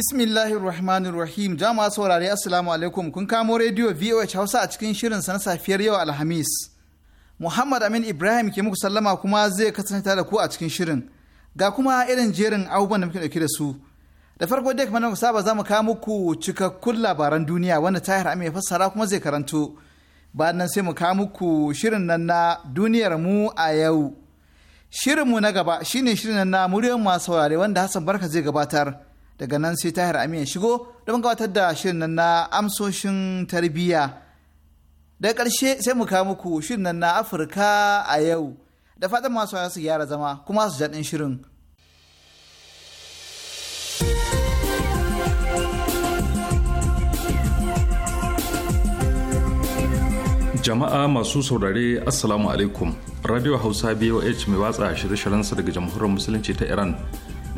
Bismillahirrahmanirrahim. Jama'a saurare Assalamu alaikum kun kamo rediyo VOH Hausa a cikin shirin sana safiyar yau Alhamis. Muhammad Amin Ibrahim ke muku sallama kuma zai kasance da ku a cikin shirin. Ga kuma irin jerin abubuwan da muke dauke da su. Da farko dai kamar saba za mu kawo muku cikakkun labaran duniya wanda tahir Amin ya fassara kuma zai karanto. Bayan nan sai mu kawo muku shirin nan na duniyar mu a yau. Shirinmu na gaba shine shirin nan na muryar masu saurare wanda Hassan Barka zai gabatar. daga nan sai tahir ya shigo don gabatar da shirin nan na amsoshin tarbiyya daga ƙarshe sai mu kawo muku shirin nan na afirka a yau da fatan masu su gyara zama kuma su jaɗin shirin jama'a masu saurare assalamu alaikum radio hausa boh mai watsa shirye-shiryensa daga jamhuriyar musulunci ta iran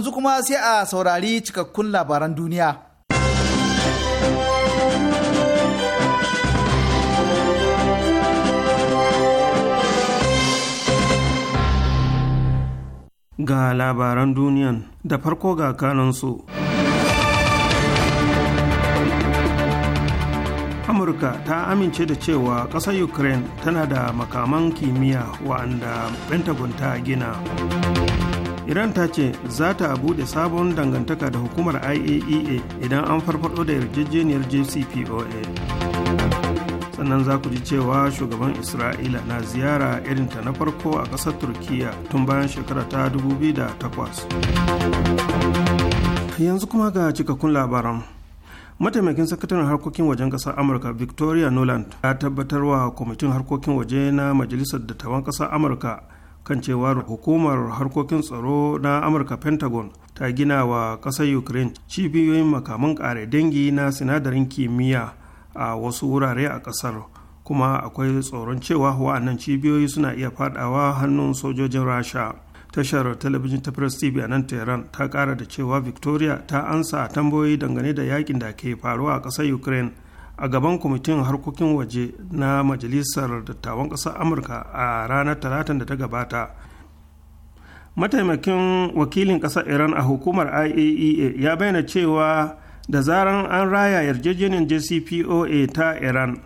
yanzu kuma sai a saurari cikakkun labaran duniya. Ga labaran duniyan da farko ga kanansu. amurka ta amince da cewa ƙasar ukraine tana da makaman kimiyya wa'anda pentagon ta gina iran ta ce za ta buɗe sabon dangantaka da hukumar iaea e idan an farfado da yarjejeniyar jcpoa sannan za ku ji cewa shugaban isra'ila na ziyara irinta na farko a ƙasar Turkiyya tun bayan shekara ta 2008 yanzu kuma ga cikakkun labaran mataimakin sakataren harkokin wajen ƙasar amurka victoria noland ta tabbatarwa kwamitin harkokin waje na majalisar dattawan ƙasar amurka kan cewa hukumar harkokin tsaro na amurka pentagon ta gina wa ƙasar ukraine cibiyoyin makaman ƙare dangi na sinadarin kimiyya a wasu wurare a ƙasar kuma akwai tsoron cewa wa'annan cibiyoyi suna iya fadawa hannun sojojin rasha tashar talabijin ta press tv a nan tehran ta kara da cewa victoria ta ansa tambayoyi dangane da yakin da ke faruwa a ƙasar ukraine a gaban kwamitin harkokin waje na majalisar dattawan ƙasar amurka a ranar talatin da ta gabata mataimakin wakilin ƙasar iran a hukumar iaea e ya bayyana cewa da zaran an raya yarjejeniyar jcpoa ta iran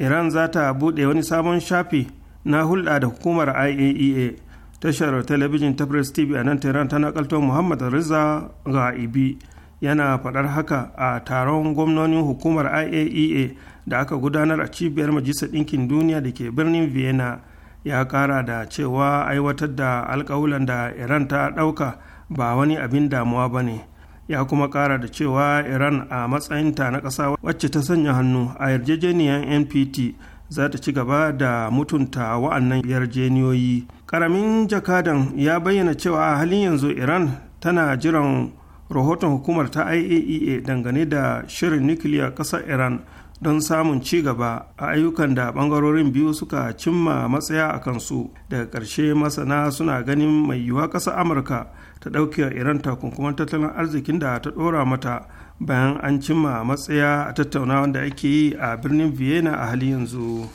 iran za ta buɗe wani sabon shafi na hulɗa da hukumar iaea e tashar talabijin ta press tv a nan tehran ta nakalto muhammad riza ibi yana faɗar haka a taron gwamnonin hukumar iaea e da aka gudanar a cibiyar majalisar ɗinkin duniya da ke birnin vienna ya kara da cewa aiwatar da alkawulan da iran ta ɗauka ba wani abin damuwa ba ne ya kuma ƙara da cewa iran a matsayinta na ƙasa wacce ta sanya hannu a yarjejeniyar npt za ta ci gaba da mutunta wa'annan yarjeniyoyi ƙaramin jakadan ya bayyana cewa a halin yanzu iran tana jiran rahoton hukumar ta iaea e dangane da shirin nukiliya ƙasar iran don samun ci gaba a ayyukan da ɓangarorin biyu suka cimma matsaya a kansu daga ƙarshe masana suna ganin mai yiwuwa ƙasar amurka ta ɗauke iran takunkuman tattalin arzikin da ta ɗora mata bayan an cimma matsaya a tattaunawa da ake yi a birnin vienna a hali yanzu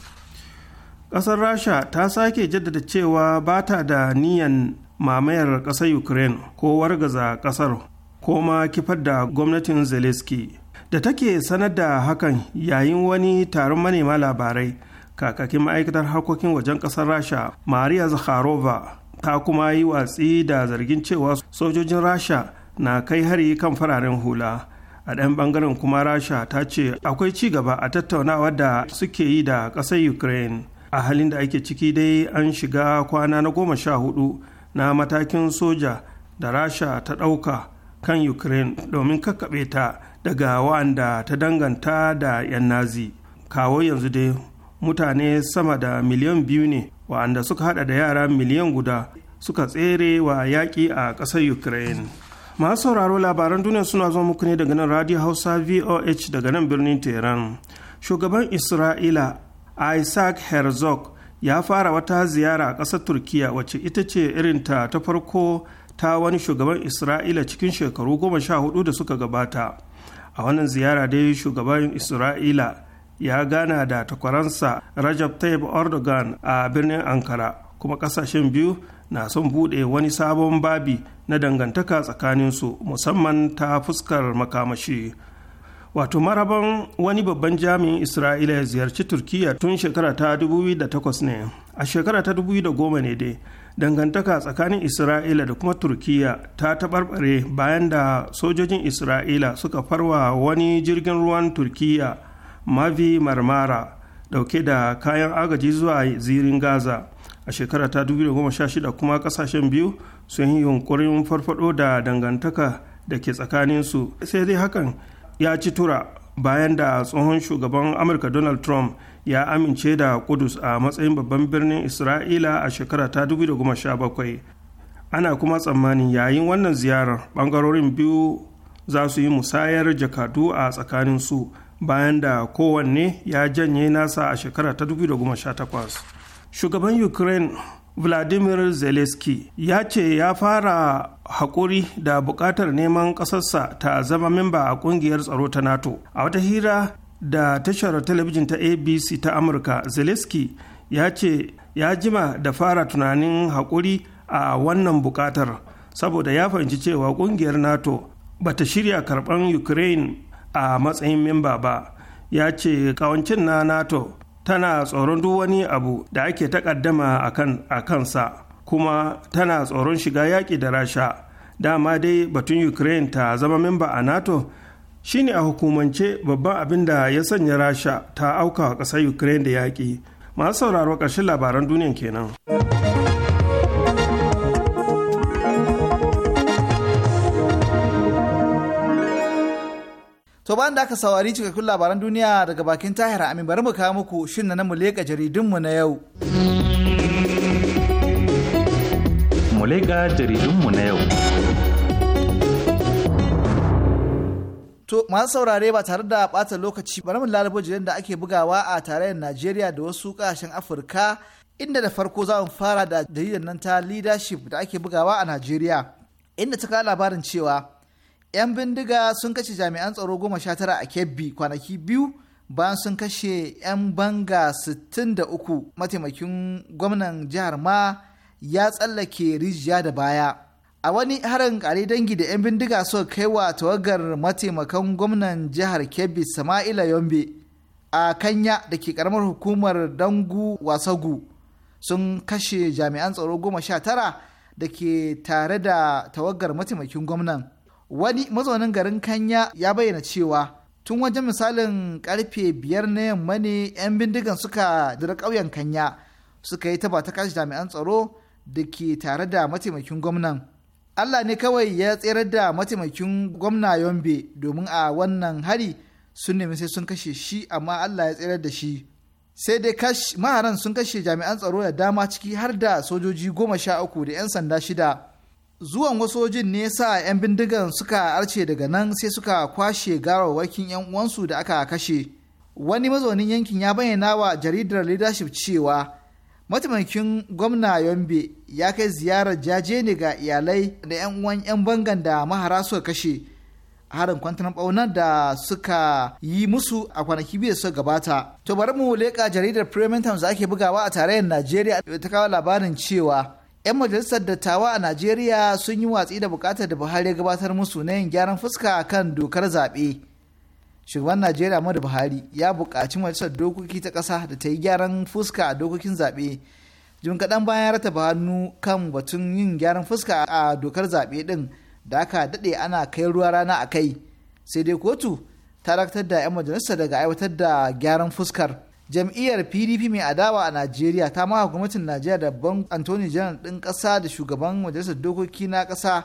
ƙasar rasha ta sake jaddada cewa ba ta da niyan mamayar ƙasar ukraine ko wargaza ƙasar ko ma kifar da gwamnatin zelensky da take sanar da hakan yayin wani taron manema labarai kakakin ma'aikatar harkokin wajen ƙasar rasha maria zakharova ta kuma yi watsi da zargin cewa sojojin rasha na kai hari kan fararen hula a ɗan ɓangaren kuma rasha ta ce akwai ci gaba a tattaunawa da suke yi da ƙasar ukraine a halin da ake ciki dai an shiga kwana na goma sha hudu na matakin soja da rasha ta ɗauka kan ukraine domin kakkaɓe ta daga wa'anda ta danganta da 'yan nazi kawo yanzu dai mutane sama da miliyan biyu ne wa'anda suka hada da yara miliyan guda suka tsere wa yaƙi a ƙasar ukraine masu sauraro labaran duniya suna zuwa muku ne daga nan radio hausa voh daga nan birnin tehran shugaban isra'ila isaac herzog ya fara wata ziyara a ƙasar turkiya wacce ita ce irinta ta farko ta wani shugaban isra'ila cikin shekaru goma sha hudu da suka gabata a wannan ziyara dai shugaban isra'ila ya gana da takwaransa rajab tayyip erdogan a birnin ankara kuma kasashen biyu na son bude wani sabon babi na dangantaka tsakaninsu musamman ta fuskar makamashi wato maraban wani babban jami'in isra'ila ya ziyarci turkiya tun shekara ta 2008 ne a shekara ta 2010 ne dai dangantaka tsakanin isra'ila da kuma turkiya ta taɓarɓare bayan da sojojin isra'ila suka farwa wani jirgin ruwan turkiya mavi marmara dauke da kayan agaji zuwa zirin gaza a shekara ta 2016 kuma kasashen biyu sun yi yunkurin farfado da dangantaka da ke tsakaninsu sai dai hakan ya ci tura bayan da tsohon shugaban amurka donald trump ya amince da kudus a matsayin babban birnin isra'ila a shekara ta 2017 ana kuma tsammanin yayin wannan ziyarar bangarorin biyu za su yi musayar jakadu a tsakanin su bayan da kowanne ya janye nasa a shekara ta 2018 shugaban ukraine vladimir zelensky ya ce ya fara haƙuri da buƙatar neman ƙasarsa ta zama memba a ƙungiyar tsaro ta nato a wata hira da tashar talabijin ta abc ta amurka zelensky ya ce ya jima da fara tunanin haƙuri a wannan buƙatar saboda ya fahimci cewa ƙungiyar nato bata shirya karɓar ukraine a matsayin memba ba ya ce kawancin na nato tana tsoron duk wani abu da ake takaddama a kansa kuma tana tsoron shiga yaƙi da rasha dama dai batun ukraine ta zama memba a nato shine a hukumance babban abin da ya sanya rasha ta auka ƙasar ukraine da yaƙi masu sauraro ƙarshen labaran duniya kenan. To ba da aka saurari cikakkun labaran duniya daga bakin tahira amin bari mu kawo muku shin na mu leƙa jaridunmu na yau. Mulega jaridunmu na yau. To masu saurare ba tare da bata lokaci bari mu lalabo jiran da ake bugawa a tarayyar Najeriya da wasu kasashen Afirka inda da farko za mu fara da jaridar nan ta leadership da ake bugawa a Najeriya inda ta kawo labarin cewa 'yan bindiga sun kashe jami'an tsaro goma sha tara a Kebbi kwanaki biyu bayan sun kashe 'yan banga sittin da uku mataimakin gwamnan jihar ma ya tsallake rijiya da baya a wani harin kare dangi da 'yan bindiga suka kai wa tawagar mataimakan gwamnan jihar kebbi sama'ila yombe a kanya da ke karamar hukumar dangu wasagu sun kashe jami'an tsaro goma sha tara da ke tare da tawagar mataimakin gwamnan wani mazaunin garin kanya ya bayyana cewa tun wajen misalin karfe biyar na yamma ne 'yan bindigan suka dira ƙauyen kanya suka yi taba ta kashe jami'an tsaro da ke tare da mataimakin gwamnan allah ne kawai ya tserar da mataimakin gwamna yombe domin a wannan hari sun nemi sai sun kashe shi amma allah ya tserar da shi sai dai maharan sun kashe jami'an tsaro da dama ciki har da sojoji goma sha uku da 'yan sanda shida zuwan wasu sojin ne sa 'yan bindigan suka arce daga nan sai suka kwashe garawakin 'yan uwansu da aka kashe wani mazaunin yankin ya bayyana wa jaridar leadership cewa mataimakin gwamna yombe ya kai ziyarar jaje ne ga iyalai da 'yan uwan 'yan bangan da mahara suka kashe a harin kwantar baunar da suka yi musu a kwanaki biyu da suka gabata to bari mu leƙa jaridar premium times da ake bugawa a tarayyar najeriya ta kawo labarin cewa 'yan majalisar dattawa a najeriya sun yi watsi da bukatar da buhari gabatar musu na yin gyaran fuska kan dokar zaɓe shugaban najeriya mara buhari ya buƙaci majalisar dokoki ta ƙasa da ta yi gyaran fuska a dokokin zaɓe jim kaɗan bayan rataba hannu kan batun yin gyaran fuska a dokar zaɓe ɗin da aka daɗe ana kai ruwa rana a kai sai dai kotu ta dakatar da 'yan majalisa daga aiwatar da gyaran fuskar jam'iyyar pdp mai adawa a najeriya ta maka gwamnatin najeriya da ban antoni jan ɗin ƙasa da shugaban majalisar dokoki na ƙasa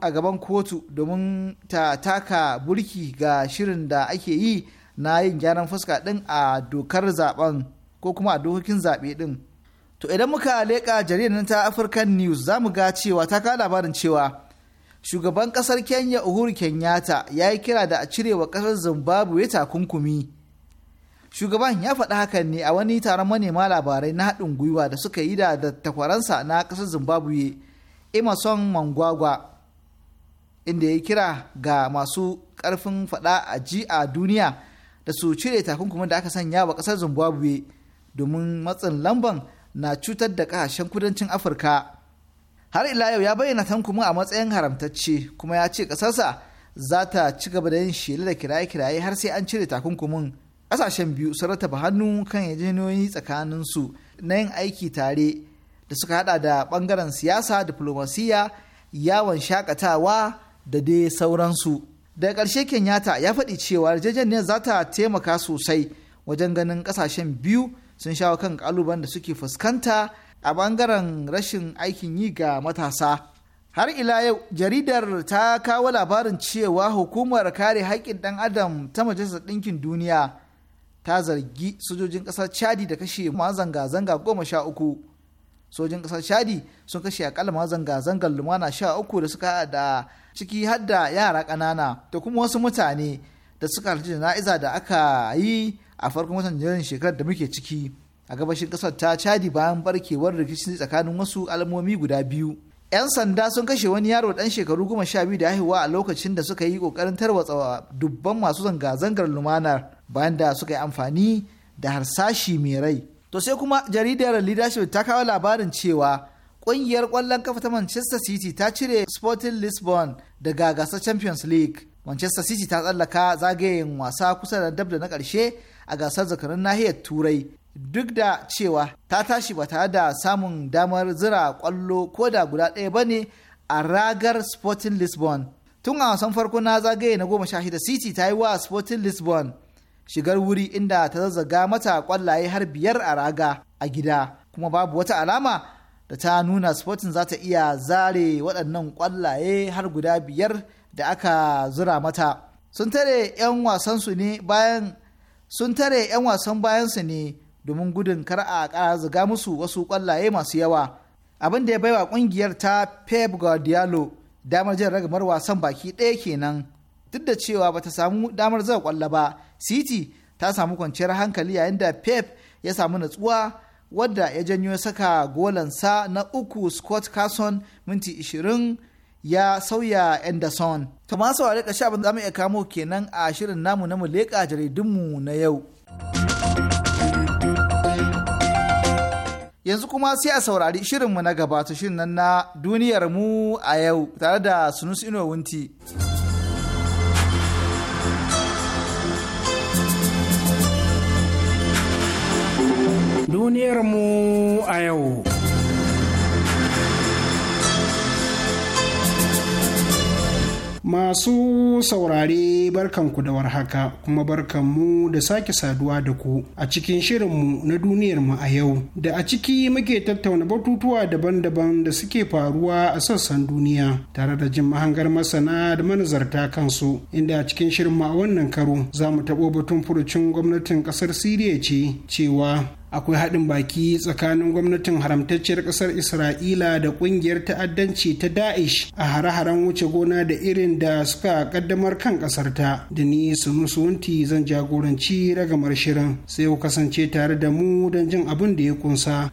a gaban kotu domin ta taka burki ga shirin da ake yi na yin gyaran fuska din a dokar zaben ko kuma a dokokin zaɓe din. To idan muka leƙa jaridar ta African News za mu ga cewa ta kawo labarin cewa shugaban ƙasar Kenya Uhuru Kenyatta ya yi kira da a cirewa ƙasar Zimbabwe takunkumi. Shugaban ya faɗi hakan ne a wani taron manema labarai na haɗin gwiwa da suka yi da takwaransa na ƙasar Zimbabwe Emerson Mangwagwa inda ya kira ga masu ƙarfin faɗa a ji a duniya da su cire takunkumin da aka sanya wa kasar zimbabwe domin matsin lamban na cutar da kasashen kudancin afirka har ila yau ya bayyana tankumin a matsayin haramtacce kuma ya ce ƙasarsa za ta ci gaba da yin shela da kiraye-kiraye har sai an cire takunkumin ƙasashen biyu sun rataba hannu kan yajeniyoyi tsakaninsu na yin aiki tare da suka hada da bangaren siyasa diplomasiya yawon shakatawa da dai sauransu daga ƙarshe kenyatta ya faɗi cewa yarjejeniyar za ta taimaka sosai wajen ganin ƙasashen biyu sun shawo kan ƙaluban da suke fuskanta a ɓangaren rashin aikin yi ga matasa har ila yau jaridar ta kawo labarin cewa hukumar kare haƙƙin ɗan adam ta majalisar ɗinkin duniya ta zargi sojojin ƙasar chadi da kashe ma zanga-zanga goma sha uku sojin kasar chadi sun kashe akalla ma zanga-zangar lumana sha uku da suka da ciki har da yara ƙanana da kuma wasu mutane da suka halarci jana'iza da aka yi a farkon watan jirin shekarar da muke ciki a gabashin kasar ta chadi bayan barkewar rikici tsakanin wasu alamomi guda biyu 'yan sanda sun kashe wani yaro dan shekaru goma sha biyu da haihuwa a lokacin da suka yi kokarin tarwatsa dubban masu zanga-zangar lumanar bayan da suka yi amfani da harsashi mai rai to sai kuma jaridar leadership ta kawo labarin cewa ƙungiyar ƙwallon kafa ta manchester city ta cire sporting lisbon daga gasar champions league manchester city ta tsallaka zagayen wasa kusa da dabda na ƙarshe a gasar zakarun nahiyar turai duk da cewa ta tashi ba tare da samun damar zira ƙwallo ko da guda ɗaya ba ne a ragar sporting lisbon tun a wasan farko na zagaye na goma sha shida city ta yi wa sporting lisbon shigar wuri inda ta zazzaga mata kwallaye har biyar a raga a gida kuma babu wata alama da ta nuna sporting za ta iya zare waɗannan kwallaye har guda biyar da aka zura mata sun tare 'yan su ne bayan sun tare 'yan wasan bayansu ne domin gudun kar a ƙara zaga musu wasu kwallaye masu yawa abin da ya baiwa ƙungiyar ta pep guardiola damar jin ragamar wasan baki ɗaya kenan duk da cewa bata samu damar zai kwalla ba city ta samu kwanciyar hankali yayin da pep ya samu natsuwa wadda ya janyo ya saka golansa na uku scott carson minti 20 ya sauya anderson to ma saurari ƙarshe abin da iya kamo kenan a shirin namu na mu jaridunmu na yau yanzu kuma sai a saurari shirinmu na gabata shirin nan na duniyarmu a yau tare da sunus ino wunti. duniyarmu a yau. Masu saurare barkanku da warhaka kuma barkanmu da sake saduwa da ku a cikin shirinmu na duniyarmu a yau da a ciki muke tattauna batutuwa daban-daban da suke faruwa a sassan duniya tare da jin mahangar masana da manazarta kansu inda a cikin shirinmu a wannan karo za mu taɓo batun furucin gwamnatin ƙasar Siriya ce cewa akwai haɗin baki tsakanin gwamnatin haramtacciyar ƙasar isra'ila da ƙungiyar ta'addanci ta da'ish a hare-haren wuce gona da irin da suka ƙaddamar kan ƙasar ta da ni su sunusunti zan jagoranci ragamar shirin sai ku kasance tare da mu don jin abin da ya kunsa.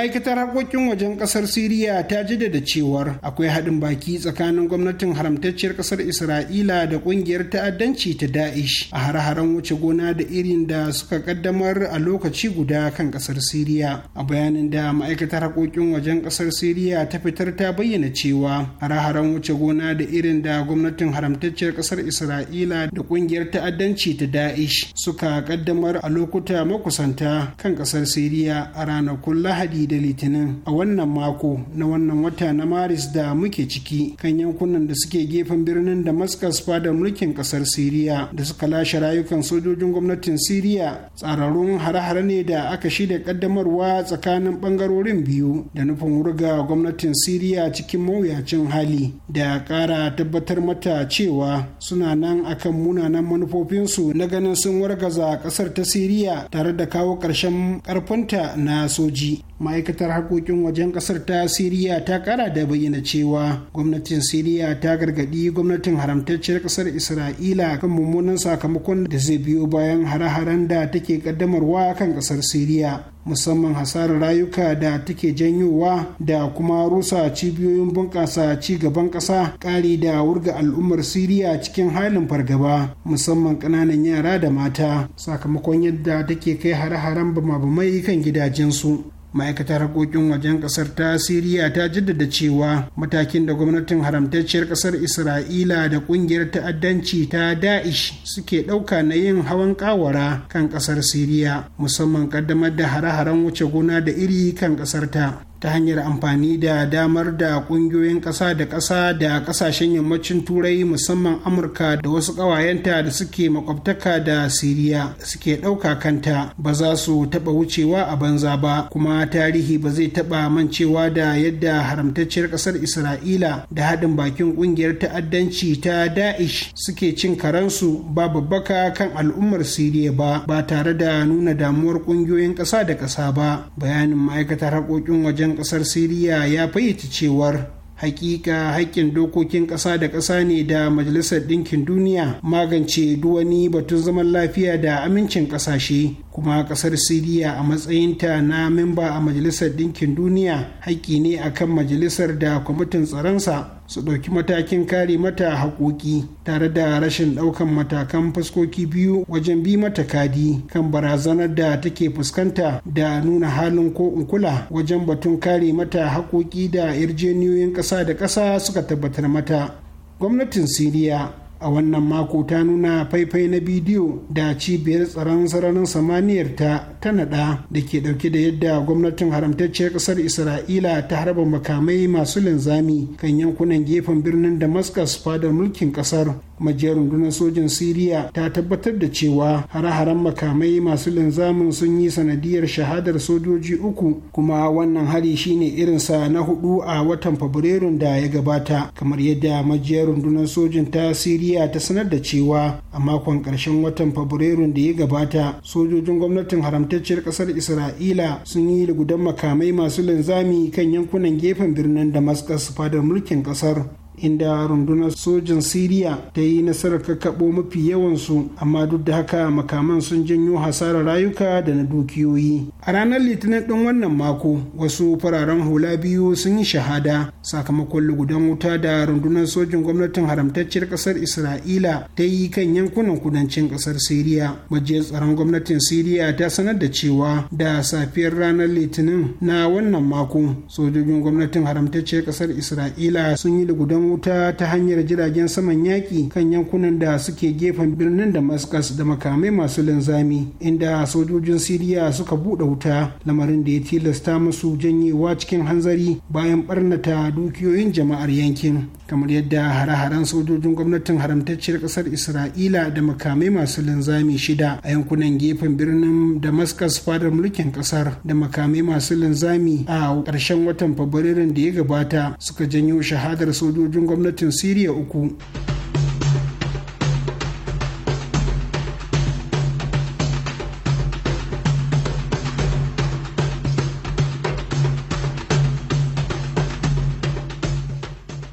ma'aikatar harkokin wajen kasar siriya ta jaddada cewar akwai haɗin baki tsakanin gwamnatin haramtacciyar kasar isra'ila da ƙungiyar ta'addanci ta da'ish a har-haren wuce gona da irin da suka kaddamar a lokaci guda kan kasar siriya a bayanin da ma'aikatar harkokin wajen kasar siriya ta fitar ta bayyana cewa har-haren wuce gona da irin da gwamnatin haramtacciyar kasar isra'ila da ƙungiyar ta'addanci ta da'ish suka kaddamar a lokuta makusanta kan kasar siriya a ranakun lahadi da litinin a wannan mako na wannan wata na maris da muke ciki kan yankunan da suke gefen birnin damascus fadar mulkin kasar siriya da suka lashe rayukan sojojin gwamnatin siriya tsararrun hare-hare ne da aka shirya kaddamarwa tsakanin bangarorin biyu da nufin wurga gwamnatin siriya cikin mawuyacin hali da kara tabbatar mata cewa suna nan akan munanan manufofinsu na ganin sun wargaza kasar ta siriya tare da kawo ƙarshen ƙarfinta na soji ma'aikatar harkokin wajen kasar ta siriya ta kara da bayyana cewa gwamnatin siriya ta gargadi gwamnatin haramtacciyar kasar isra'ila kan mummunan sakamakon da zai biyo bayan hare-haren da take kaddamarwa kan kasar siriya musamman hasarar rayuka da take janyowa da kuma rusa cibiyoyin bunƙasa ci gaban ƙasa ƙari da wurga al'ummar siriya cikin halin fargaba musamman ƙananan yara da mata sakamakon yadda take kai hare-haren bama-bamai kan gidajensu ma'aikatar harkokin wajen kasar ta siriya ta jaddada cewa matakin da gwamnatin haramtacciyar kasar isra'ila da kungiyar ta'addanci ta da'ish suke ɗauka na yin hawan kawara kan kasar siriya musamman kaddamar da hare-haren wuce gona da iri kan kasar ta ta hanyar amfani da damar da kungiyoyin ƙasa da ƙasa da ƙasashen yammacin turai musamman amurka da wasu ƙawayenta da suke makwabtaka da siriya suke ɗauka kanta ba za su taɓa wucewa a banza ba kuma tarihi ba zai taɓa mancewa da yadda haramtacciyar ƙasar isra'ila da haɗin bakin ƙungiyar ta'addanci ta da'ish suke cin karansu ba babbaka kan al'ummar siriya ba ba tare da nuna damuwar ƙungiyoyin ƙasa da ƙasa ba bayanin ma'aikatar haƙoƙin wajen wajen kasar siriya ya fayyace cewar hakika haƙƙin dokokin ƙasa da ƙasa ne da majalisar ɗinkin duniya magance duwani batun zaman lafiya da amincin ƙasashe kuma ƙasar siriya a matsayinta na memba a majalisar ɗinkin duniya haƙƙi ne akan majalisar da kwamitin tsaronsa su ɗauki matakin kare mata haƙoƙi tare da rashin ɗaukan matakan fuskoki biyu wajen bi mata kadi kan barazanar da take fuskanta da nuna halin ko kula wajen batun kare mata haƙoƙi da yarjeniyoyin ƙasa da ƙasa suka tabbatar mata gwamnatin siriya a wannan mako ta nuna faifai na bidiyo da cibiyar tsaron sararin samaniyar ta ta nada da ke dauke da yadda gwamnatin haramtacciyar ƙasar isra'ila ta harba makamai masu linzami kan yankunan gefen birnin damascus fadar mulkin ƙasar. majiyar rundunar sojin siriya ta tabbatar da cewa hare-haren makamai masu linzamin sun yi sanadiyar shahadar sojoji uku kuma wannan hari shine irinsa na hudu a watan fabrairun da ya gabata kamar yadda majiyar rundunar sojin ta siriya ta sanar da cewa a makon karshen watan fabrairun da ya gabata sojojin gwamnatin haramtacciyar kasar isra'ila sun yi lugudan makamai masu linzami kan yankunan gefen birnin damascus fadar mulkin kasar inda rundunar sojin siriya ta yi nasarar kakaɓo mafi yawansu amma duk da haka makaman sun janyo hasarar rayuka da na dukiyoyi a ranar litinin ɗin wannan mako wasu fararen hula biyu sun yi shahada sakamakon lugudan wuta da rundunar sojin gwamnatin haramtacciyar ƙasar isra'ila ta yi kan yankunan kudancin ƙasar siriya majiyar tsaron gwamnatin siriya ta sanar da cewa da safiyar ranar litinin na wannan mako sojojin gwamnatin haramtacciyar ƙasar isra'ila sun yi lugudan wuta ta hanyar jiragen saman yaƙi kan yankunan da suke gefen birnin damascus da makamai masu linzami inda sojojin siriya suka buɗe wuta lamarin da ya tilasta musu janyewa cikin hanzari bayan barnata dukiyoyin jama'ar yankin kamar yadda hare-haren sojojin gwamnatin haramtacciyar ƙasar isra'ila da makamai masu linzami shida a yankunan gefen birnin damascus fadar mulkin ƙasar da makamai masu linzami a ƙarshen watan fabrairun da ya gabata suka janyo shahadar sojojin sojojin gwamnatin siriya uku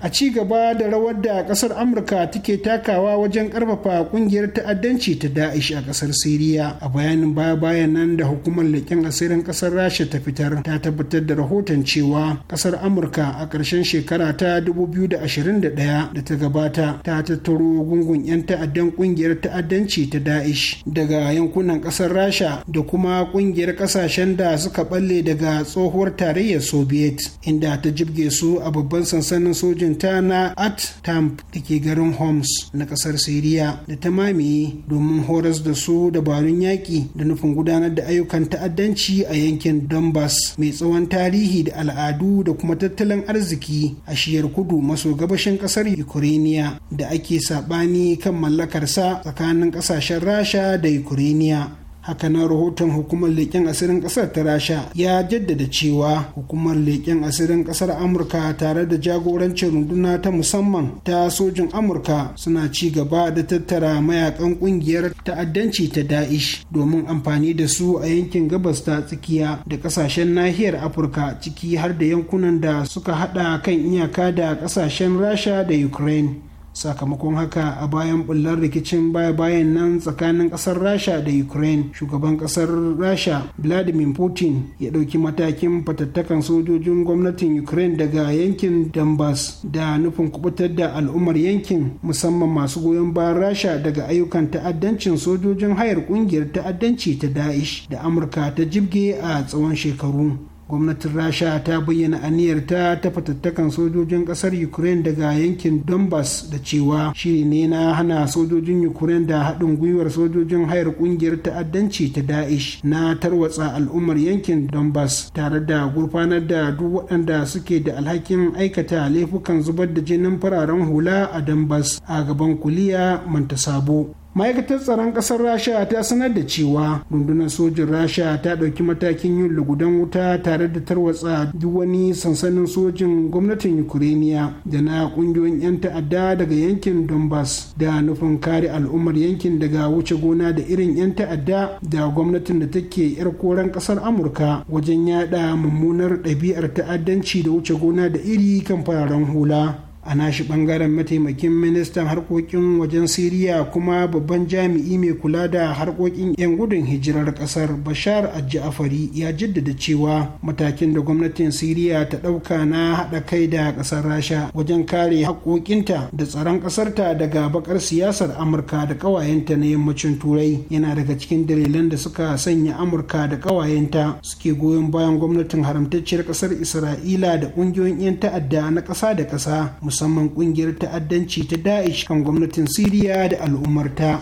a ci gaba da rawar da kasar amurka take takawa wajen karfafa kungiyar ta'addanci ta da'ish a kasar siriya a bayanin baya bayan nan da hukumar leƙen asirin kasar rasha ta fitar ta tabbatar da rahoton cewa kasar amurka a ƙarshen shekara ta 2021 da ta gabata ta tattaro gungun 'yan ta'addan kungiyar ta'addanci ta da'ish daga yankunan kasar rasha da kuma kungiyar kasashen da suka balle daga tsohuwar tarayyar soviet inda ta jibge su a babban sansanin sojin ta na at tamp da ke garin homs na kasar siriya da ta mamaye domin horas da su dabarun yaƙi da nufin gudanar da ayyukan ta'addanci a yankin donbass mai tsawon tarihi da al'adu da kuma tattalin arziki a shiyar kudu maso gabashin kasar ukraniya da ake saɓani kan mallakarsa tsakanin ƙasashen rasha da ukrainiya haka hakanan rahoton hukumar leƙen asirin ƙasar ta rasha ya jaddada cewa hukumar leƙen asirin ƙasar amurka tare da jagorancin runduna ta musamman ta sojin amurka suna ci gaba da tattara mayakan ƙungiyar ta'addanci ta da'ish domin amfani da su a yankin gabas ta tsakiya da ƙasashen nahiyar afirka ciki har da yankunan da suka haɗa kan iyaka da ƙasashen rasha da ukraine sakamakon haka a bayan bullar rikicin baya-bayan nan tsakanin kasar rasha da ukraine shugaban kasar rasha vladimir putin ya ɗauki matakin fatattakan sojojin gwamnatin ukraine daga yankin donbass da nufin kubutar da al'ummar yankin musamman masu goyon bayan rasha daga ayyukan ta'addancin sojojin hayar kungiyar ta'addanci ta da'ish da amurka ta jibge a tsawon shekaru gwamnatin rasha ta bayyana aniyarta ta fatattakan sojojin kasar ukraine daga yankin donbass da cewa shi ne na hana sojojin ukraine da haɗin gwiwar sojojin hayar ƙungiyar ta'addanci ta da'ish na tarwatsa al'ummar yankin donbass tare da gurfanar da duk waɗanda suke da alhakin aikata laifukan zubar da jinin fararen hula a donbass a gaban kuliya mantasabo ma'aikatar tsaron ƙasar rasha ta sanar da cewa rundunar sojin rasha ta ɗauki matakin yin lugudan wuta tare da tarwatsa duk wani sansanin sojin gwamnatin ukrainiya da na ƙungiyoyin 'yan ta'adda daga yankin donbass da nufin kare al'ummar yankin daga wuce gona da irin 'yan ta'adda da gwamnatin da take 'yar koren ƙasar amurka wajen yada mummunar ɗabi'ar ta'addanci da wuce gona da iri kan fararen hula a nashi bangaren mataimakin ministan harkokin wajen siriya kuma babban jami'i mai kula da harkokin 'yan gudun hijirar kasar bashar ja'afari ya jaddada cewa matakin da gwamnatin siriya ta ɗauka na haɗa kai da ƙasar rasha wajen kare haƙoƙinta da tsaron ƙasarta daga bakar siyasar amurka da ƙawayenta na yammacin turai yana daga cikin dalilan da suka sanya amurka da ƙawayenta suke goyon bayan gwamnatin haramtacciyar ƙasar isra'ila da ƙungiyoyin 'yan ta'adda na ƙasa da ƙasa musamman kungiyar ta'addanci ta da'ish kan gwamnatin siriya da al'ummarta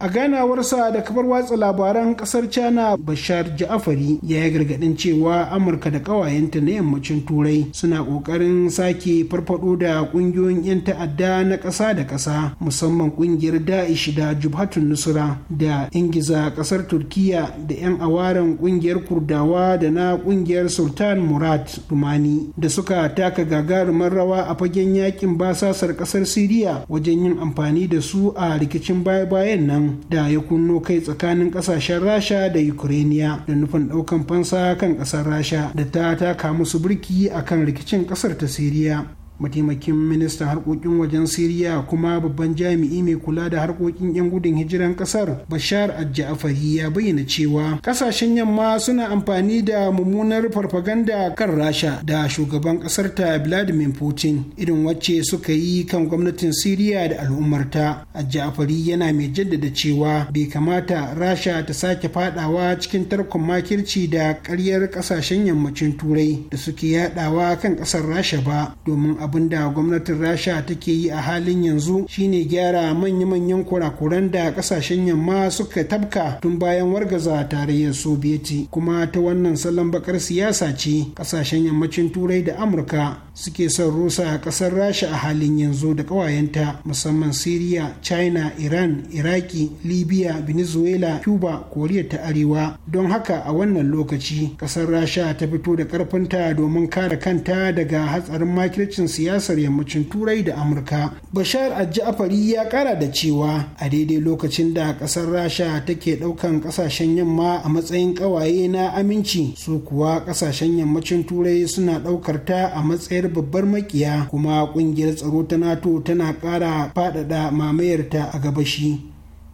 a ganawarsa da kafar watsa labaran kasar china bashar ja'afari ya yi gargadin cewa amurka da kawayenta na yammacin turai suna kokarin sake farfado da kungiyoyin 'yan ta'adda na ƙasa da ƙasa musamman kungiyar da'ish da jubhatun nusra da ingiza kasar turkiya da 'yan awaren kungiyar kurdawa da na kungiyar sultan murad rumani da suka taka gagarumar rawa a fagen yakin basasar kasar siriya wajen yin amfani da su a rikicin baya-bayan nan da ya kunno kai tsakanin kasashen rasha da ukrainiya da nufin daukan fansa kan kasar rasha da ta taka musu birki akan rikicin kasar ta siriya mataimakin ministan harkokin wajen siriya kuma babban jami'i mai kula da harkokin 'yan gudun hijiran kasar bashar al-ja'afari ya bayyana cewa kasashen yamma suna amfani da mummunar farfaganda kan rasha da shugaban kasar ta vladimir putin irin wacce suka yi kan gwamnatin siriya da al'ummarta al-ja'afari yana mai jaddada cewa bai kamata rasha ta sake fadawa cikin tarkon makirci da karyar kasashen yammacin turai da suke yadawa kan kasar rasha ba domin abin da gwamnatin rasha take yi a halin yanzu shine gyara manya-manyan kurakuran da kasashen yamma suka tabka tun bayan wargaza tarayyar sobiyeti kuma ta wannan salon bakar siyasa ce kasashen yammacin turai da amurka suke son rusa a kasar rasha a halin yanzu da kawayenta musamman syria china iran iraki libya venezuela cuba koriya ta arewa don haka a wannan lokaci kasar rasha ta fito da karfinta domin kare kanta daga hatsarin makircin siyasar yammacin turai da amurka bashar alJafari ja'afari ya kara da cewa a daidai lokacin da kasar rasha take daukan kasashen yamma a matsayin kawaye na aminci su kuwa kasashen yammacin turai suna daukar ta a matsayar babbar makiya kuma kungiyar tsaro ta nato tana kara faɗaɗa mamayarta a gabashi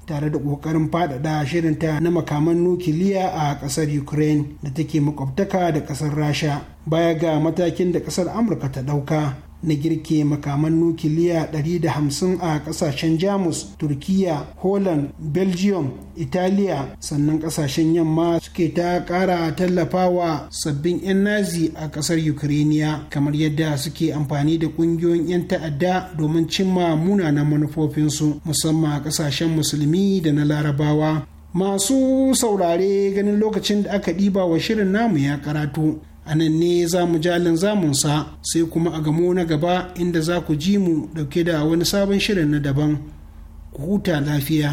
tare da kokarin faɗaɗa shirinta na makaman nukiliya a ƙasar ukraine da take makwabtaka da ƙasar rasha baya ga matakin da ƙasar amurka ta ɗauka na girke makaman nukiliya 150 a kasashen jamus turkiya holland belgium italiya sannan kasashen yamma suke ta kara tallafawa sabbin 'yan nazi a kasar ukrainiya kamar yadda suke amfani da kungiyoyin 'yan ta'adda domin cimma munanan manufofinsu musamman a kasashen musulmi da na larabawa masu saurare ganin lokacin da aka ɗiba wa shirin namu ya karatu a nan ne za mu jalin zamunsa sai kuma a gamo na gaba inda za ku ji mu dauke da wani sabon shirin na daban ku huta lafiya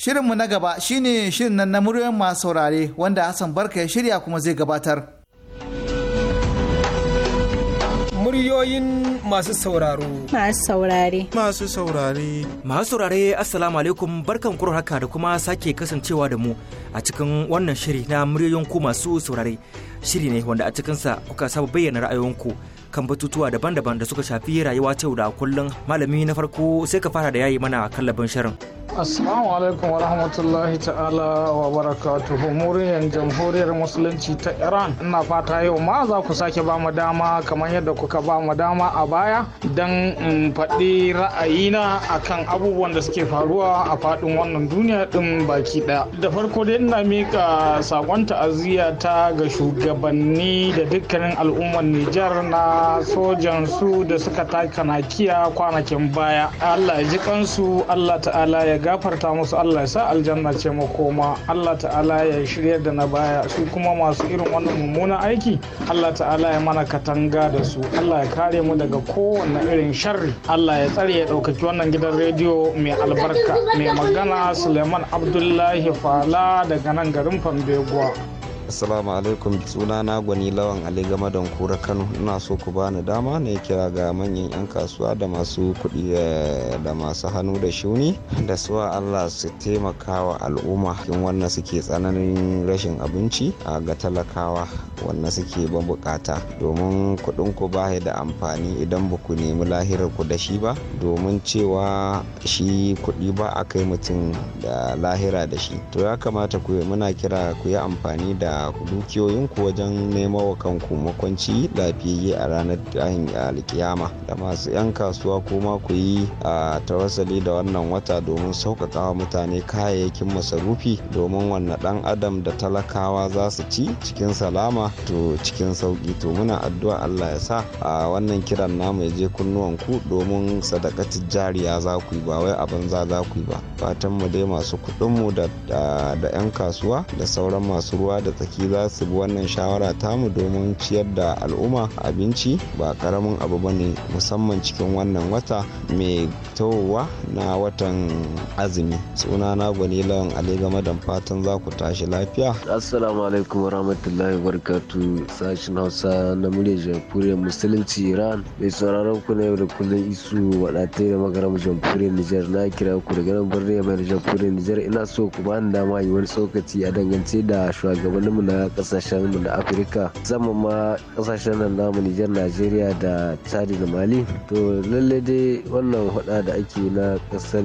shirinmu na gaba shine shirin nan na muryoyin masu saurare wanda hassan barka ya shirya kuma zai gabatar miliyoyin masu sauraro. Masu saurare. Masu saurare. Masu saurare Assalamu alaikum barkan kuro haka da kuma sake kasancewa da mu a cikin wannan shiri na muryoyin ku masu saurare. Shiri ne wanda a cikinsa kuka saba bayyana ra'ayoyinku kan batutuwa daban-daban da suka shafi rayuwa ta da kullum malami na farko sai ka fara da yayi mana kallabin shirin. Assalamu alaikum wa rahmatullahi ta'ala wa barakatuhu muryar jamhuriyar musulunci ta Iran ina fata yau ma za ku sake ba mu dama kamar yadda kuka ba mu dama a baya don in faɗi ra'ayina akan abubuwan da suke faruwa a faɗin wannan duniya din baki ɗaya. Da farko dai ina mika saƙon ta'aziyya ta ga shugabanni da dukkanin al'ummar Nijar na A sojan da suka taka nakiya kwanakin baya allah ya ji kansu allah ta'ala ya gafarta musu allah ya sa aljanna ce makoma allah ta'ala ya shirya da na baya su kuma masu irin wannan mummunan aiki allah ta'ala ya mana katanga da su allah ya kare mu daga kowanne irin sharri allah ya tsare ya ɗaukaki wannan gidan rediyo mai albarka mai magana suleiman abdullahi fala daga nan garin fambeguwa Assalamu alaikum suna na gwani lawan ale game da kura Kano ina so ku bani dama ne kira ga manyan 'yan kasuwa da masu kuɗi eh, da masu hannu da shuni da suwa Allah su taimaka wa al'umma in wannan suke tsananin rashin abinci a ga talakawa wannan suke ba bukata domin kuɗin ku ba da amfani idan ba ku nemi lahirar ku da shi ba domin cewa shi kuɗi ba a kai mutum da lahira da shi to ya kamata ku muna kira ku yi amfani da dukiyoyin dukiyoyinku wajen nema wa kanku makwanci lafiyayye a ranar dahin alkiyama da masu 'yan kasuwa kuma ku yi a tawassali da wannan wata domin sauƙaƙa wa mutane kayayyakin masarufi domin wanne ɗan adam da talakawa za su ci cikin salama to cikin sauƙi to muna addu'a Allah ya sa a wannan kiran namu ya je kunnuwan ku domin sadaka jariya za ku yi ba wai abin za za ku yi ba fatan mu dai masu kuɗin mu da 'yan kasuwa da sauran masu ruwa da tsaki mataki za su bi wannan shawara tamu domin ciyar da al'umma abinci ba karamin abu ba ne musamman cikin wannan wata mai tawowa na watan azumi suna na gwani lawan ali game da fatan za ku tashi lafiya assalamu alaikum warahmatullahi barkatu sashen hausa na murya jamhuriyar musulunci iran mai sauraron ku na yau da kullum isu wadatai da magaram jamhuriyar nijar na kira ku daga nan birnin mai jamhuriyar nijar ina so ku ba ni dama yi wani tsokaci a dangance da shugabannin mu na kasashen mu na afirka musamman ma kasashen nan namu nijar najeriya da Chadi da mali to lallai dai wannan hada da ake na kasar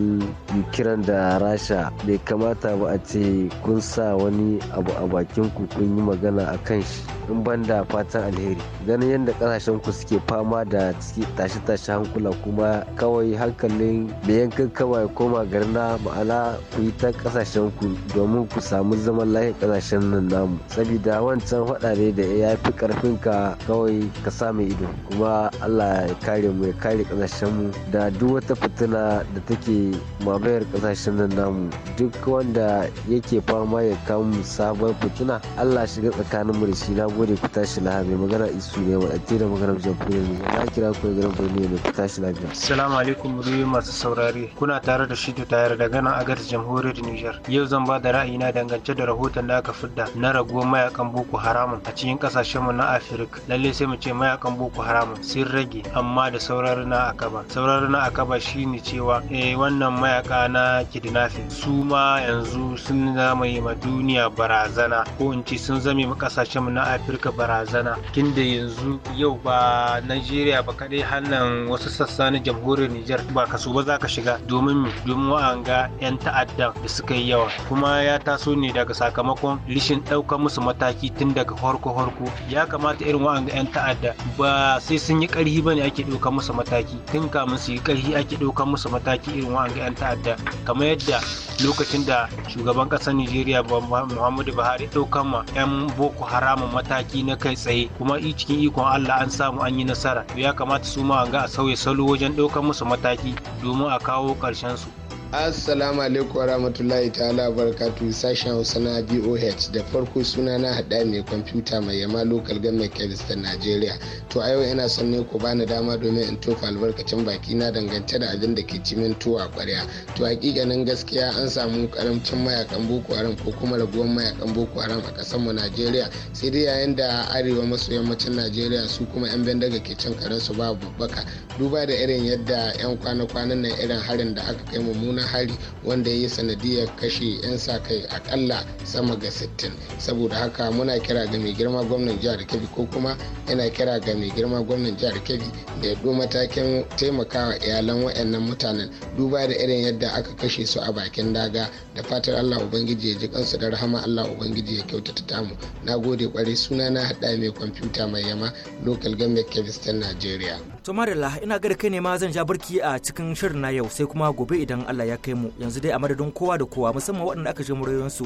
ukiran da rasha bai kamata ba a ce kun sa wani abu a bakin ku kun yi magana a kan shi in ban da fatan alheri ganin yadda kasashen ku suke fama da tashi-tashi hankula kuma kawai hankalin bayan kawai koma garin na ma'ana ku yi ta kasashen ku domin ku samu zaman lafiya kasashen nan namu saboda wancan faɗa ne da ya fi karfin ka kawai ka sa mai ido kuma Allah ya kare mu ya kare kasashen mu da duk wata fitina da take mamayar kasashen nan namu duk wanda yake fama ya kamu sabon fitina Allah shiga tsakanin mu da shi na gode ku tashi lahabi magana isu ne wa ɗatti da magana jamhuriyar ne na kira ku da garin birni ne ku tashi lafiya. salamu alaikum muriyoyi masu saurare kuna tare da shi tayar da gana agar jamhuriyar Nijar yau zan ba da ra'ayina dangance da rahoton da aka fidda na ragu yaduwar mayakan boko haramun a cikin kasashenmu na afirka lalle sai mu ce mayakan boko haramun sun rage amma da saurar na akaba saurar na akaba shine cewa eh wannan mayaka na kidnapping su ma yanzu sun zama ma duniya barazana ko in ce sun zame ma kasashenmu na afirka barazana tunda yanzu yau ba najeriya ba kadai hannan wasu sassa na jamhuriyar nijar ba kaso ba za ka shiga domin domin wa'anga 'yan ta'adda da suka yi yawa kuma ya taso ne daga sakamakon rishin ɗaukar ɗaukan musu mataki tun daga harko harko ya kamata irin wa'anga 'yan ta'adda ba sai sun yi ƙarhi bane ake ɗaukan musu mataki tun kamun su yi ƙarhi ake ɗaukan musu mataki irin wa'anga 'yan ta'adda kamar yadda lokacin da shugaban ƙasar Nijeriya Muhammadu Buhari ɗaukan ma 'yan Boko Haram mataki na kai tsaye kuma i cikin ikon Allah an samu an yi nasara to ya kamata su ma a sauya salo wajen ɗaukan musu mataki domin a kawo ƙarshen su. Assalamu alaikum wa rahmatullahi ta'ala barakatu sashen Hausa na BOH da farko suna na hada mai kwamfuta mai yama local government Kebistan Najeriya. To a yau ina son ne ku bani dama domin in tofa albarkacin baki na dangance da abin da ke cimin tuwa kwarya. To hakikanin gaskiya an samu karamcin mayakan Boko Haram ko kuma raguwar mayakan Boko Haram a kasar mu Najeriya. Sai dai yayin da arewa maso yammacin Najeriya su kuma yan bendaga ke cin su babu babbaka. Duba da irin yadda yan kwana-kwanan nan irin harin da aka kai mummuna hari wanda ya yi sanadiyar kashe 'yan sa kai akalla sama ga 60 saboda haka muna kira ga mai girma gwamnan jihar kebbi ko kuma yana kira ga mai girma gwamnan jihar kebbi da ya matakin taimakawa iyalan wa'annan mutanen duba da irin yadda aka kashe su a bakin daga da fatar allah ubangiji ya ji kansu da rahama allah ubangiji ya kyautata tamu na gode kwarai suna na haɗa mai kwamfuta mai yama local government kebbi nigeria. To Marilla ina ga da kai ne ma zan ja barki a cikin shirin na yau sai kuma gobe idan Allah ya kai mu yanzu dai a madadin kowa da kowa musamman waɗanda aka je su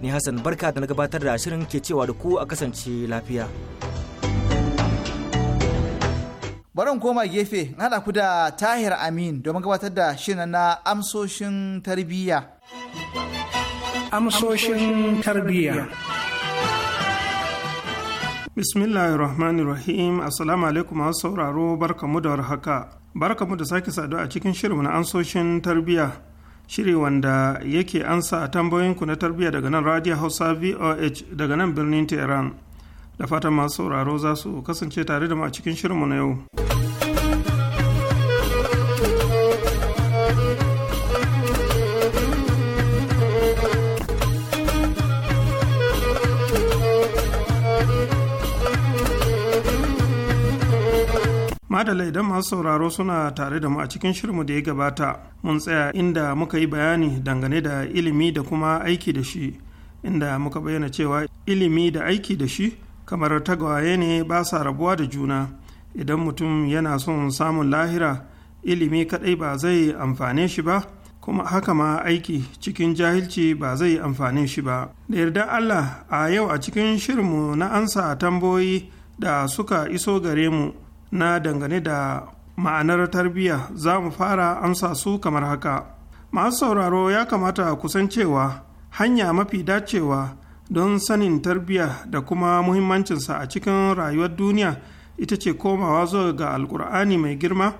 ni Hassan barka da na gabatar da shirin ke cewa da ku a kasance lafiya. Barin koma gefe hada ku da Tahir Amin domin gabatar da shirin na amsoshin tarbiyya. Amsoshin tarbiyya. Bismillahirrahmanirrahim. Assalamu alaikum masu sauraro barkamu da warhaka. Barkamu da sake sadu a cikin shirin na ansoshin tarbiyya. Shiri wanda yake ansa a tambayoyinku na tarbiyya daga nan Radio Hausa VOH daga nan birnin Tehran. Da fatan masu sauraro za su kasance tare da mu a cikin shirinmu na yau. madala idan masu sauraro suna tare da mu a cikin shirinmu da ya gabata mun tsaya inda muka yi bayani dangane da ilimi da kuma aiki da shi inda muka bayyana cewa ilimi da aiki da shi kamar tagwaye ne ba sa rabuwa da juna idan mutum yana son samun lahira ilimi kadai ba zai amfane shi ba kuma haka ma aiki cikin jahilci ba zai amfane shi ba da yarda allah a yau a cikin shirinmu na ansa tambayoyi da suka iso gare mu na dangane da ma'anar tarbiyya za mu fara amsa su kamar haka masu sauraro ya kamata ku san cewa hanya mafi dacewa don sanin tarbiyya da kuma muhimmancinsa a cikin rayuwar duniya ita ce komawa zuwa ga alkur'ani mai girma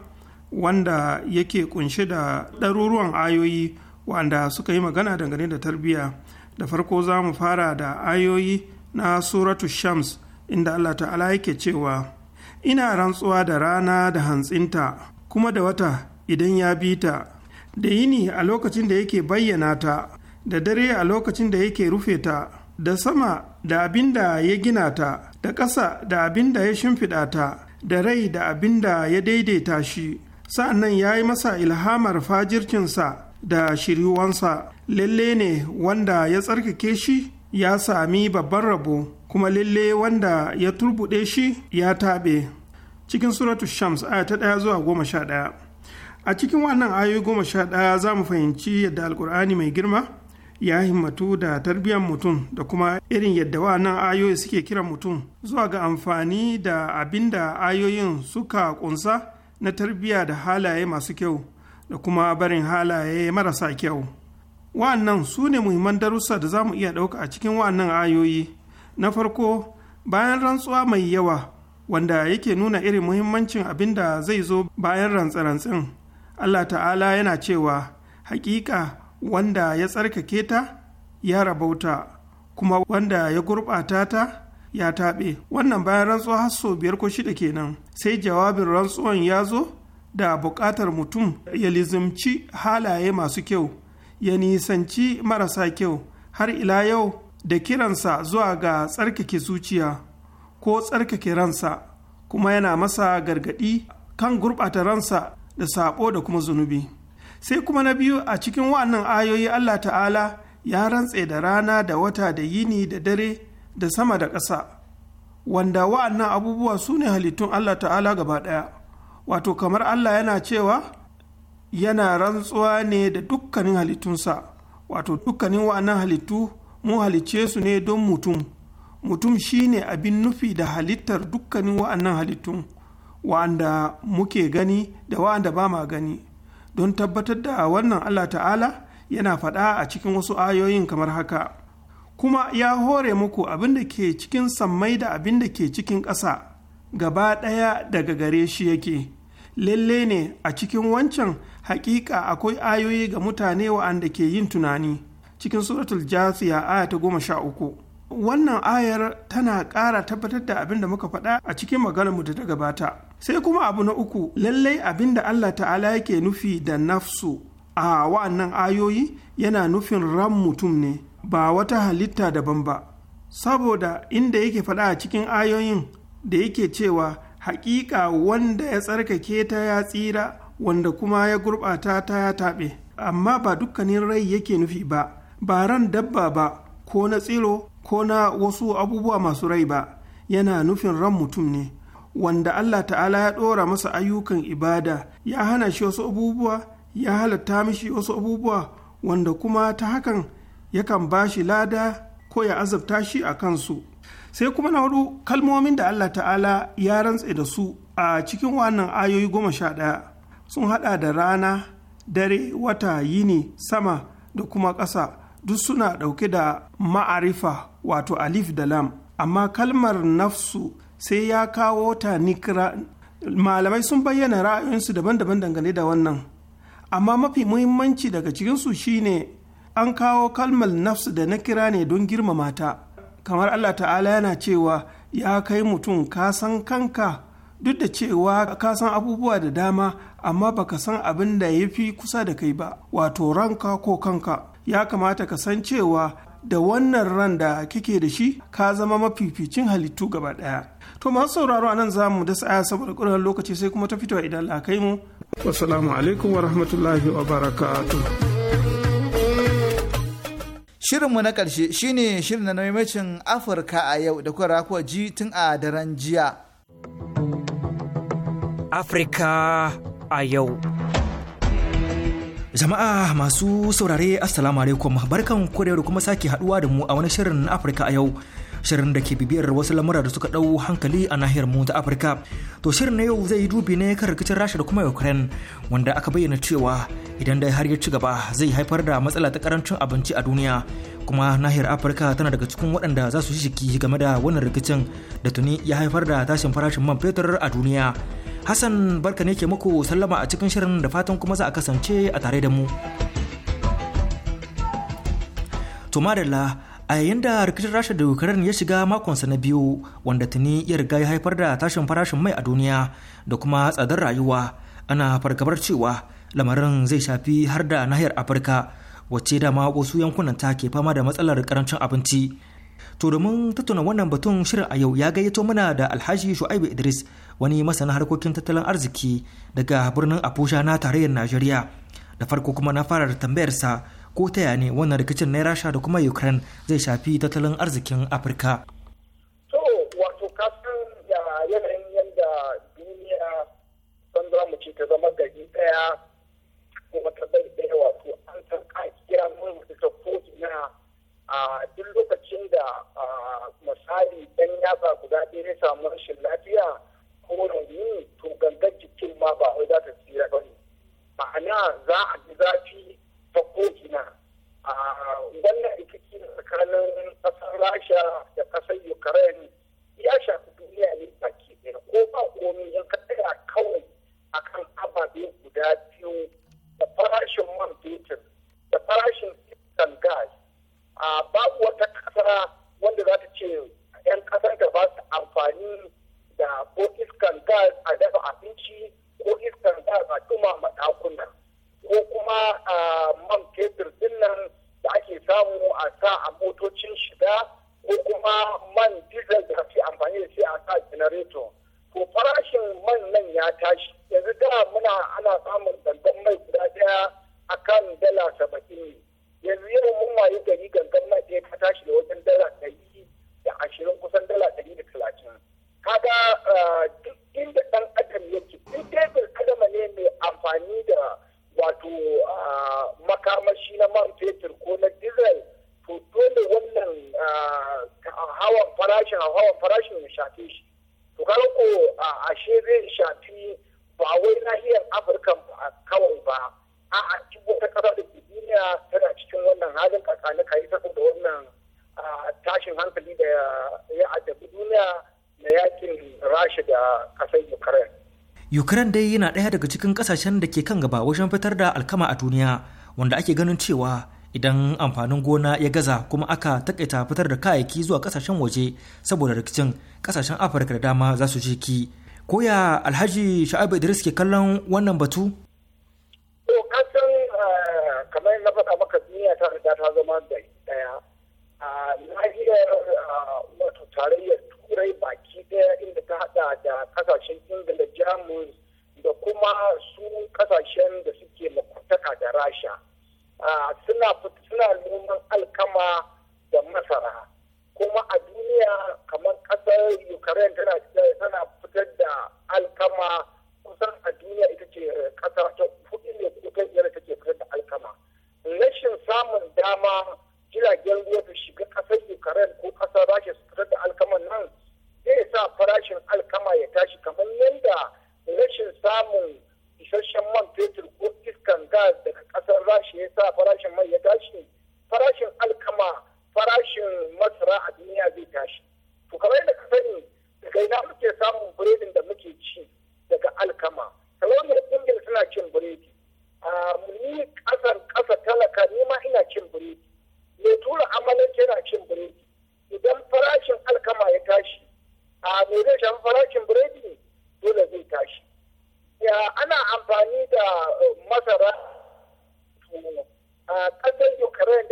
wanda yake kunshe da ɗaruruwan ayoyi wanda suka yi magana dangane da tarbiyya da farko za mu fara da ayoyi na suratu shams inda allah ta'ala yake cewa ina rantsuwa da rana da hantsinta kuma da wata idan ya bi ta da yini a lokacin da yake bayyana ta da dare a lokacin da yake rufe ta da sama da abin da ya gina ta da ƙasa da abin da ya shimfiɗa ta da rai da abin da ya daidaita shi sa'annan ya yi masa ilhamar fajircinsa da shiriwansa lalle ne wanda ya tsarkake shi ya sami babban rabo kuma lalle wanda ya turbuɗe shi ya taɓe cikin suratu shams aya ta ɗaya zuwa goma sha ɗaya a cikin wannan ayoyi goma sha ɗaya za mu fahimci yadda alkur'ani mai girma ya himmatu da tarbiyyar mutum da kuma irin yadda wannan ayoyi suke kiran mutum zuwa ga amfani da abin da ayoyin suka kunsa na tarbiyya da halaye masu kyau da kuma barin halaye marasa kyau wa'annan su ne muhimman darussa da za mu iya ɗauka a cikin wa'annan ayoyi na farko bayan rantsuwa mai yawa wanda yake nuna irin muhimmancin abin da zai zo bayan rantse-rantsen allah ta'ala yana cewa hakika wanda ya tsarkake ta ya rabauta kuma wanda ya gurɓata ta ya taɓe wannan bayan rantsuwa har sau biyar ko shida kenan sai jawabin rantsuwan ya zo da buƙatar mutum ya lizimci halaye masu kyau ya nisanci marasa kyau har ila yau da kiransa zuwa ga tsarkake zuciya ko tsarkake ransa kuma yana masa gargadi kan gurɓata ransa da saɓo da kuma zunubi sai kuma na biyu a cikin wa'annan ayoyi allah ta'ala ya rantse da rana da wata da yini da dare da sama da ƙasa wanda wa'annan abubuwa su ne halittun allah ta'ala gaba ɗaya wato kamar allah yana cewa yana rantsuwa ne da dukkanin halittunsa wato dukkanin wa'annan halittu mun halicce su ne don mutum mutum shine abin nufi da halittar dukkanin wa'annan halittun wa'anda muke gani da wa'anda ba ma gani don tabbatar da wannan allah ta'ala yana faɗa a cikin wasu ayoyin kamar haka kuma ya hore muku abin da ke cikin sammai da abin da ke cikin ƙasa gaba ɗaya daga gare shi yake lalle ne a cikin wancan hakika akwai ayoyi ga mutane wa'anda ke yin tunani cikin suratul jasiya aya ta goma sha uku wannan ayar tana ƙara tabbatar da abin da muka faɗa a cikin maganarmu da ta gabata sai kuma abu na uku lallai abin da allah ta'ala yake nufi da nafsu a wa'annan ayoyi yana nufin ran mutum ne ba wata halitta daban ba saboda inda yake faɗa a cikin ayoyin da yake cewa haƙiƙa wanda ya tsarkake ta ya tsira wanda kuma ya gurɓata ta ya taɓe amma ba dukkanin rai yake nufi ba ba ran dabba ba ko na tsiro ko na wasu abubuwa masu rai ba yana nufin ran mutum ne wanda Allah ta'ala ya ɗora masa ayyukan ibada ya hana shi wasu abubuwa ya halatta mishi wasu abubuwa wanda kuma ta hakan yakan ba shi lada ko ya azabta shi a kansu sai kuma na hudu kalmomin da Allah ta'ala ya rantse da su a cikin wannan ayoyi goma sha ɗaya sun hada da rana dare wata yini sama da kuma ƙasa duk suna ɗauke da ma'arifa wato alif da lam amma kalmar nafsu sai ya kawo ta nikira malamai sun bayyana ra'ayoyinsu daban-daban dangane da wannan amma mafi muhimmanci daga cikinsu shine an kawo kalmar nafsu da nakira ne don girmama ta kamar allah ta'ala yana cewa ya kai mutum ka san kanka duk da cewa ka san abubuwa da dama amma baka san abin da ya fi kusa da kai ba wato ranka ko kanka ya kamata ka san cewa da wannan ran da kike da shi ka zama mafificin halittu gaba daya to masu sauraro a nan za mu da tsaya saboda ƙuran lokaci sai kuma ta fitowa idan la kai mu wasalamu alaikum wa rahmatullahi wa Shirinmu na ƙarshe shine shirin na maimacin Afirka a yau da kwarakwa rakuwa ji tun a daren jiya. Afirka a yau. Jama'a masu saurare Assalamu alaikum barkan ku da kuma sake haduwa da mu a wani shirin Afirka a yau. Shirin da ke bibiyar wasu lamura da suka ɗau hankali a nahiyar mu ta Afirka. To shirin na yau zai yi dubi ne kan rikicin Rasha da kuma Ukraine wanda aka bayyana cewa idan dai har ya ci gaba zai haifar da matsala ta karancin abinci a duniya. Kuma nahiyar Afirka tana daga cikin waɗanda za su shiki game da wannan rikicin da tuni ya haifar da tashin farashin man fetur a duniya. Hassan barka ne ke muku sallama a cikin shirin da fatan kuma za a kasance a tare da mu. To madalla a yayin da rikicin rasha da ukraine ya shiga makonsa na biyu wanda tuni ya riga ya haifar da tashin farashin mai a duniya da kuma tsadar rayuwa ana fargabar cewa lamarin zai shafi har da nahiyar afirka wacce dama wasu yankunan ta ke fama da matsalar karancin abinci To domin tattauna wannan batun shirin a yau ya gayyato mana da Alhaji Shu'aibu Idris wani masana harkokin tattalin arziki daga birnin Abuja na tarayyar Najeriya. Da farko kuma na fara da tambayar sa ko ta yane wannan rikicin na Rasha da kuma Ukraine zai shafi tattalin arzikin Afirka. To wato kasan da yanayin yadda duniya san za ce ta zama gari daya kuma ta bai daya wato an san mun ta kotu na. a duk lokacin da misali dan yatsa guda ɗaya ya samu rashin lafiya ko rauni to gangan jikin ma ba wai za ta tsira ba ne ma'ana za a ji zafi ta ko'ina a wannan rikici tsakanin ƙasar rasha da ƙasar ukraine ya shafi duniya ne baki ɗaya ko ba komi in ka tsaya kawai akan ababe guda biyu da farashin man fetur da farashin gas A babu wata ƙasa wanda za ta ce 'yan ƙasar da ba su amfani da ko iskan gas a dafa abinci ko iskan ga a dumama ɗakuna ko kuma a man fetur dinnan da ake samu a sa a motocin shiga ko kuma man diesel da ake amfani da shi a sa generator to farashin man nan ya tashi yanzu da muna ana samun dandamai guda ɗaya akan dala saba'in yanzu yau mun wayi gari gangan mai ta tashi da wajen dala ɗari da ashirin kusan dala ɗari da talatin kaga ah, duk inda ɗan adam yake duk tebur adama ne mai amfani da wato ah, makamashi na man fetur ko na diesel to dole wannan ah, hawan farashin hawan farashin ya shafe shi to kaga ko a shi Ukraine dai yana ɗaya daga cikin ƙasashen da ke kan gaba wajen fitar da alkama a duniya wanda ake ganin cewa idan amfanin gona ya gaza kuma aka takaita fitar da kayayyaki zuwa ƙasashen waje saboda rikicin ƙasashen Afirka da dama za su je ki. Koya Alhaji Sha'abu Idris ke kallon wannan batu? To kasan eh, kamar na faɗa maka duniya ta riga ta zama da ɗaya. Ah, nahiyar ah, wato tarayyar hada da kasashen ingila jamus da kuma su kasashen da suke makwataka da rasha suna noman alkama da masara kuma a duniya kamar kasar ukraine tana fitar da alkama kusan a duniya ita ce kasar ta kuɗi ne ko kuka ta take fitar da alkama rashin samun dama jiragen ruwa ta shiga kasar ukraine ko kasar rasha su fitar da alkaman nan zai sa farashin alkama ya tashi kamar yadda rashin samun isasshen man fetur ko iskan gas daga kasar rashi ya sa farashin mai ya tashi farashin alkama farashin masara a duniya zai tashi to kamar yadda ka sani daga ina muke samun biredin da muke ci daga alkama saloniyar ingil suna cin biredi a ni kasar kasa talaka ni ma ina cin biredi mai tura amalanke yana cin biredi idan farashin alkama ya tashi a me zai shafi farashin biredi dole zai tashi ya ana amfani da eh, masara a ƙasar ukraine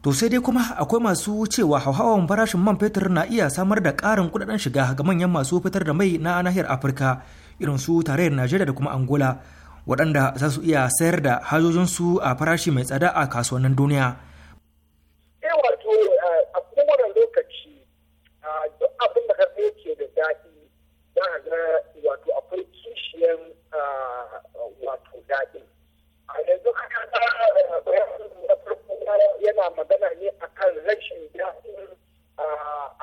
To sai dai kuma akwai masu cewa hauhawan farashin man fetur na iya samar da ƙarin kudaden shiga ga manyan masu fitar da mai na nahiyar Afirka irin su tarayyar Najeriya da kuma Angola waɗanda za su iya sayar da hajojinsu a farashi mai tsada a kasuwannin duniya. Eh, wato eh, lokaci duk abin da da daɗi a ga wato kishiyan ah, eh, yana magana ne a kan rashin daɗin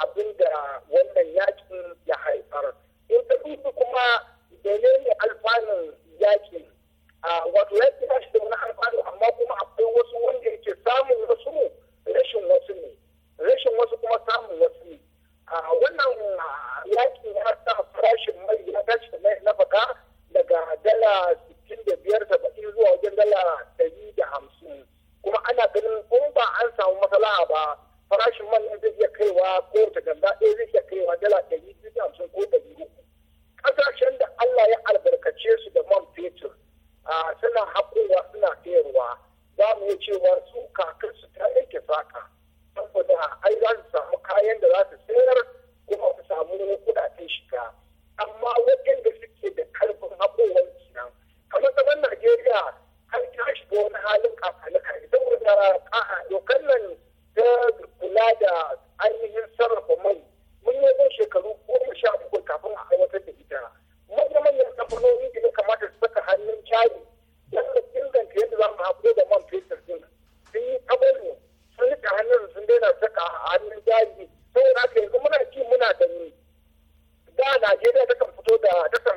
abin da wannan yakin ya haifar in ta dubi kuma ne alfanun yakin wato ya kira shi da wani alfanu amma kuma akwai wasu wanda yake samun wasu rashin wasu ne rashin wasu kuma samun wasu ne wannan yakin ya sa farashin mai ya tashi mai na baka daga dala 65 zuwa wajen dala 150 kuma ana ganin in ba an samu matsala ba farashin man zai iya kaiwa ko ta ganda ɗaya zai iya kaiwa dala ɗari biyu da hamsin ko ɗari uku ƙasashen da Allah ya albarkace su da man fetur suna haƙowa suna sayarwa za mu iya cewa su kakarsu ta yanke saka saboda ai za su samu kayan da za su sayar kuma su samu kuɗaɗen shiga amma waɗanda suke da karfin haƙowar kenan kamar zaman Najeriya an shiga wani halin kakalika saboda a'a dokar nan ta kula da ainihin sarrafa mai mun yi zai shekaru goma sha uku kafin a aiwatar da ita manya manyan kamfanoni da ya kamata su saka hannun cari don da inganta yadda za mu haƙo da man fetur din sun yi tabarin sun rika hannun sun daina saka hannun jari saboda haka yanzu muna ci muna da ni da najeriya ta kan fito da ta kan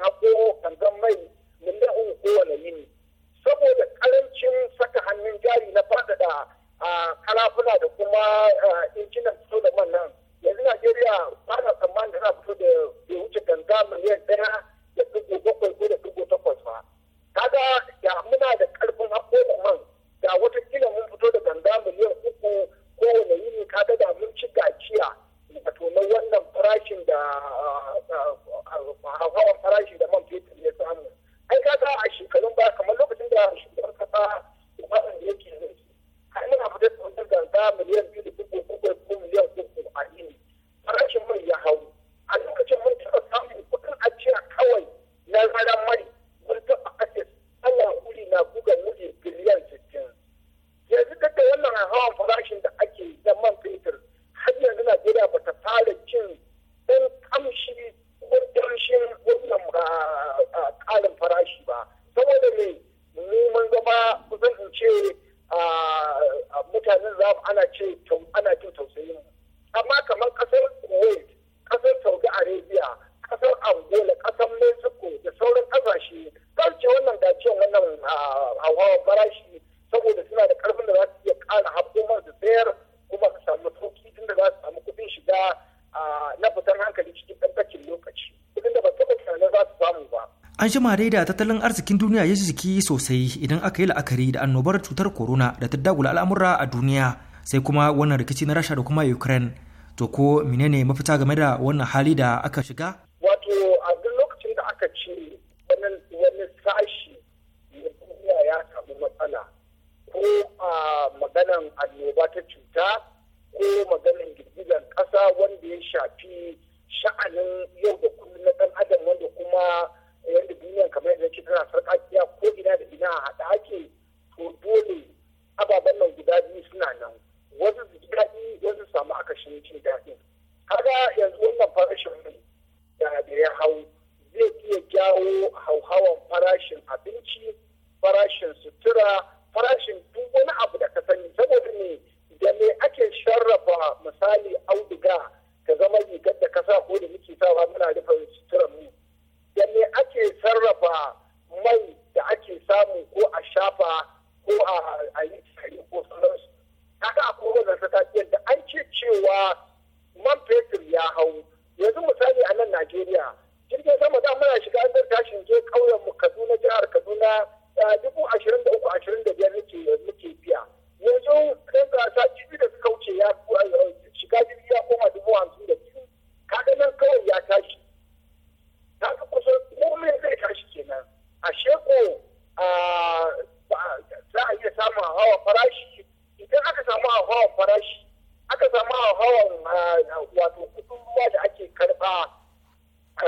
jima dai da tattalin arzikin duniya ya jiki sosai idan aka yi la'akari da annobar cutar corona da ta dagula al'amura a duniya sai kuma wannan rikici na rasha da kuma ukraine to ko menene mafita game da wannan hali da aka shiga wato a duk lokacin da aka ce wani sashi na duniya ya samu matsala ko a maganan annoba ta cuta ko maganan girgizar ƙasa wanda ya shafi sha'anin yau da kullum na ɗan adam wanda kuma yadda duniya kamar yadda ce tana sarƙaƙiya ko ina da ina a haɗa ake to dole ababen nan guda biyu suna nan wasu su ji daɗi wasu samu akashin jin daɗin kaga yanzu wannan farashin mai da da ya hau zai iya jawo hauhawan farashin abinci farashin sutura farashin duk wani abu da ka sani saboda ne da me ake sharrafa misali auduga ta zama rigar da kasa ko da muke sawa muna rufe suturar mu da me ake sarrafa mai da ake samu ko a shafa ko a yi tsari ko sauransu kaga a da sakatiyar da an ce cewa man fetur ya hau yanzu misali a nan najeriya jirgin sama da muna shiga an tashin je ƙauyen mu kaduna jihar kaduna dubu ashirin da uku ashirin da biyar nake biya yanzu ɗan gasa jibi da suka wuce ya shiga jirgi ya koma dubu hamsin da biyu kaga nan kawai ya tashi haka kusa komai zai tashi kenan a sheko za a iya samun hawa farashi idan aka samu hawa farashi aka samu hawan wato kudin ruwa da ake karba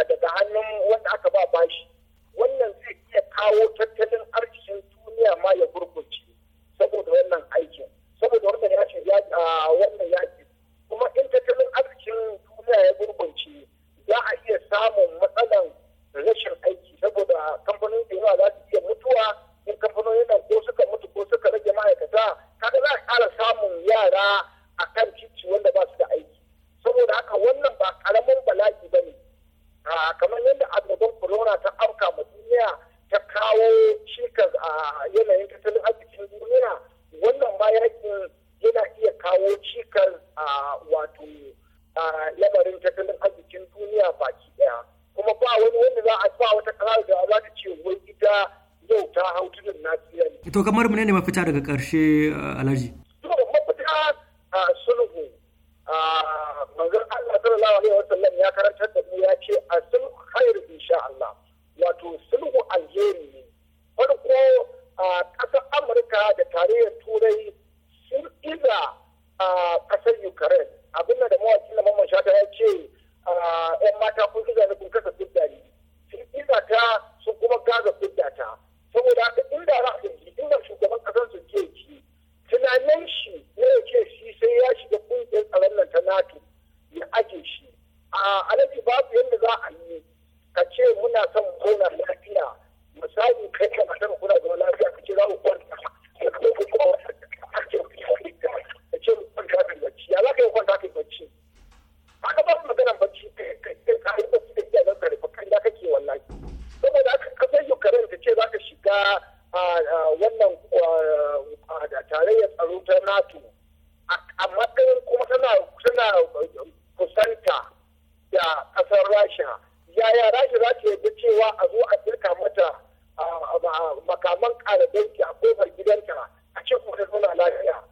daga hannun wanda aka ba bashi wannan zai iya kawo tattalin arzikin duniya ma ya gurgurce saboda wannan aikin saboda wannan ya ce wannan ya kuma in tattalin arzikin duniya ya gurgurce za a iya samun matsalan rashin aiki saboda kamfanin da yawa za su iya mutuwa in kamfanonin nan ko suka mutu ko suka rage ma'aikata kaga za a kara samun yara a kan titi wanda ba su da aiki saboda haka wannan ba ƙaramin bala'i ba ne kamar yadda annoban corona ta afka ma duniya ta kawo cikas a yanayin tattalin arzikin duniya wannan ma yakin yana iya kawo cikas a wato lamarin tattalin arzikin duniya baki daya kuma ba wani wanda za a ba wata kasa da za ta ce wai ita yau ta hau tudun nasiya ne. to kamar mu ne ne mafita daga karshe eh, alhaji. to mafita sulhu manzon Allah sallallahu alaihi wasallam ya karantar da mu ya ce a sulhu khairu insha Allah wato sulhu alheri ne farko a ƙasar Amurka da tarayyar Turai sun iza a ƙasar Ukraine abin da mawakin na mamman shata ya ce yan ah, mata kun kiza ne kun kasa fidda ne sun ta sun kuma gaza fidda ta saboda haka inda da ji inda shugaban kasar su ke ci tunanin shi ne ya ce shi sai ya shiga kungiyar tsaron nan ta nato ya ake shi a alaji babu yadda za a yi ka ce muna son zauna lafiya misali kai ka kasar kuna zama lafiya ka ce za mu kwanta ko kuma ce ce kwanta kai bacci ya za ka yi kwanta kai bacci haka ba su bacci kai kai kai bacci da iyalan ka rufe kan ya kake wallahi saboda haka kasar ukraine ta ce za ka shiga wannan tarayyar tsaro ta nato a matsayin kuma tana tana um, kusanta da ƙasar rasha yaya rasha za ta yarda cewa a zo a girka mata makaman ƙara a kofar gidanta a ce kuma ta zauna lafiya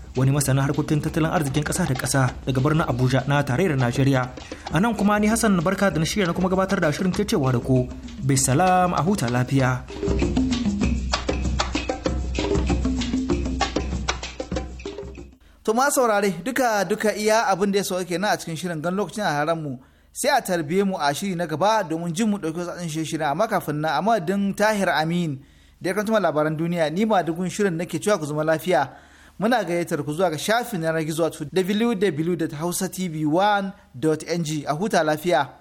wani masana harkokin tattalin arzikin kasa da kasa daga birnin Abuja na tarayyar Najeriya. A nan kuma ni Hassan Barka da na shirya na kuma gabatar da shirin cewa da ku. Bisalam a huta lafiya. To ma saurare duka duka iya abin da ya sauke kenan a cikin shirin gan lokacin a haramu sai a tarbiye mu a shiri na gaba domin jin mu dauki wasu shirye shirin amma kafin na amma din Tahir Amin da ya kantuma labaran duniya ni ma dugun shirin nake cewa ku zama lafiya. muna gayyatar ku zuwa ga shafin yanar gizo www.hausatv1.ng a huta lafiya.